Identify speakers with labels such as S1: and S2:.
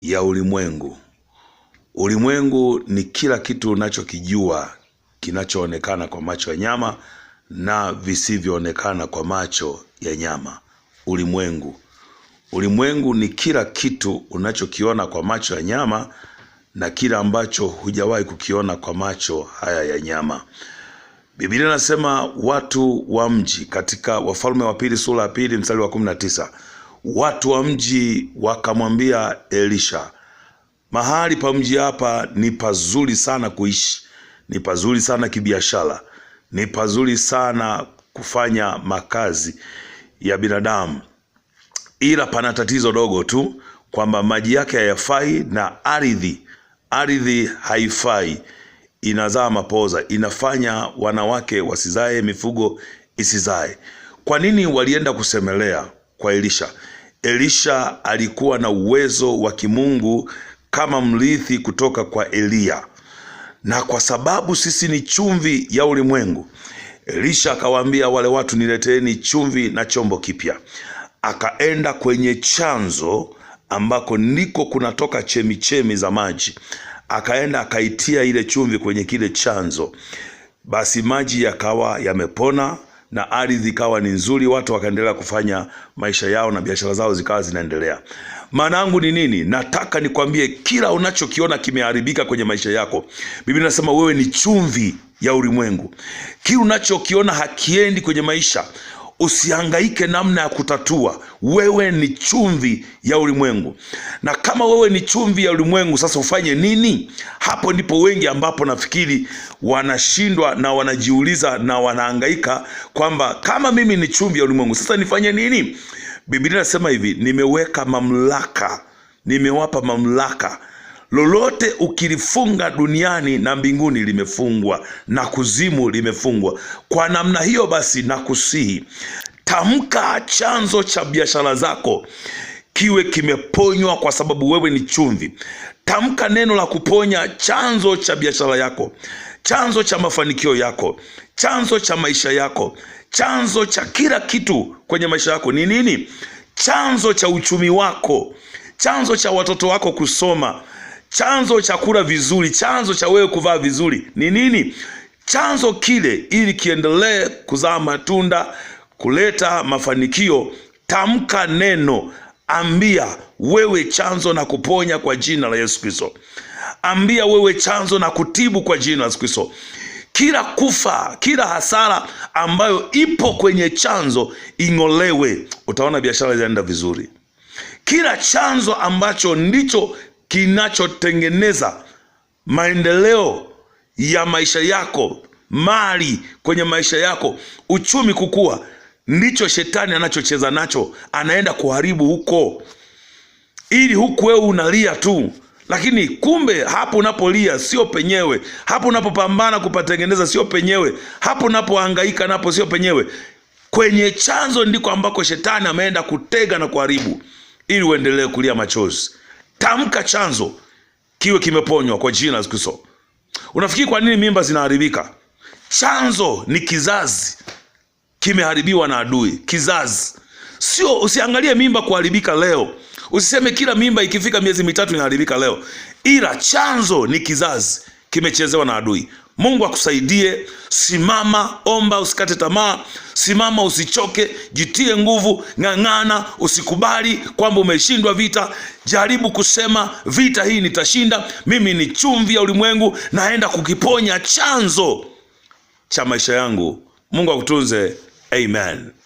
S1: ya ulimwengu. Ulimwengu ni kila kitu unachokijua kinachoonekana kwa macho ya nyama na visivyoonekana kwa macho ya nyama. Ulimwengu. Ulimwengu ni kila kitu unachokiona kwa macho ya nyama na kila ambacho hujawahi kukiona kwa macho haya ya nyama. Biblia inasema watu wa mji katika Wafalme wa pili sura ya pili mstari wa kumi na tisa Watu wa mji wakamwambia Elisha, mahali pa mji hapa ni pazuri sana kuishi, ni pazuri sana kibiashara, ni pazuri sana kufanya makazi ya binadamu, ila pana tatizo dogo tu kwamba maji yake hayafai na ardhi ardhi haifai, inazaa mapoza, inafanya wanawake wasizae, mifugo isizae. Kwa nini walienda kusemelea kwa Elisha? Elisha alikuwa na uwezo wa kimungu kama mrithi kutoka kwa Eliya, na kwa sababu sisi ni chumvi ya ulimwengu, Elisha akawaambia wale watu, nileteeni chumvi na chombo kipya. Akaenda kwenye chanzo ambako ndiko kunatoka chemichemi za maji, akaenda akaitia ile chumvi kwenye kile chanzo, basi maji yakawa yamepona na ardhi ikawa ni nzuri, watu wakaendelea kufanya maisha yao na biashara zao zikawa zinaendelea. Maana yangu ni nini? Nataka nikwambie, kila unachokiona kimeharibika kwenye maisha yako, Biblia inasema wewe ni chumvi ya ulimwengu. Kila unachokiona hakiendi kwenye maisha, usiangaike namna ya kutatua. Wewe ni chumvi ya ulimwengu, na kama wewe ni chumvi ya ulimwengu, sasa ufanye nini? Hapo ndipo wengi ambapo nafikiri wanashindwa na wanajiuliza na wanaangaika kwamba kama mimi ni chumvi ya ulimwengu, sasa nifanye nini? Biblia inasema hivi, nimeweka mamlaka, nimewapa mamlaka lolote ukilifunga duniani na mbinguni limefungwa na kuzimu limefungwa. Kwa namna hiyo basi, nakusihi tamka, chanzo cha biashara zako kiwe kimeponywa, kwa sababu wewe ni chumvi. Tamka neno la kuponya chanzo cha biashara yako, chanzo cha mafanikio yako, chanzo cha maisha yako, chanzo cha kila kitu kwenye maisha yako ni nini? Chanzo cha uchumi wako, chanzo cha watoto wako kusoma Chanzo cha kula vizuri, chanzo cha wewe kuvaa vizuri ni nini? Chanzo kile, ili kiendelee kuzaa matunda, kuleta mafanikio, tamka neno, ambia wewe chanzo na kuponya kwa jina la Yesu Kristo. Ambia wewe chanzo na kutibu kwa jina la Yesu Kristo. Kila kufa, kila hasara ambayo ipo kwenye chanzo ing'olewe, utaona biashara zinaenda vizuri. Kila chanzo ambacho ndicho kinachotengeneza maendeleo ya maisha yako, mali kwenye maisha yako, uchumi kukua, ndicho shetani anachocheza nacho, anaenda kuharibu huko, ili huku wewe unalia tu lakini kumbe hapo unapolia sio penyewe, hapo unapopambana kupatengeneza sio penyewe, hapo unapohangaika napo sio penyewe. Kwenye chanzo ndiko ambako shetani ameenda kutega na kuharibu, ili uendelee kulia machozi. Tamka chanzo kiwe kimeponywa kwa jina la Kristo. Unafikiri kwa nini mimba zinaharibika? Chanzo ni kizazi kimeharibiwa na adui. Kizazi sio, usiangalie mimba kuharibika leo, usiseme kila mimba ikifika miezi mitatu inaharibika leo, ila chanzo ni kizazi kimechezewa na adui. Mungu akusaidie. Simama, omba, usikate tamaa. Simama, usichoke, jitie nguvu, ng'ang'ana, usikubali kwamba umeshindwa vita. Jaribu kusema vita hii nitashinda, mimi ni chumvi ya ulimwengu, naenda kukiponya chanzo cha maisha yangu. Mungu akutunze. Amen.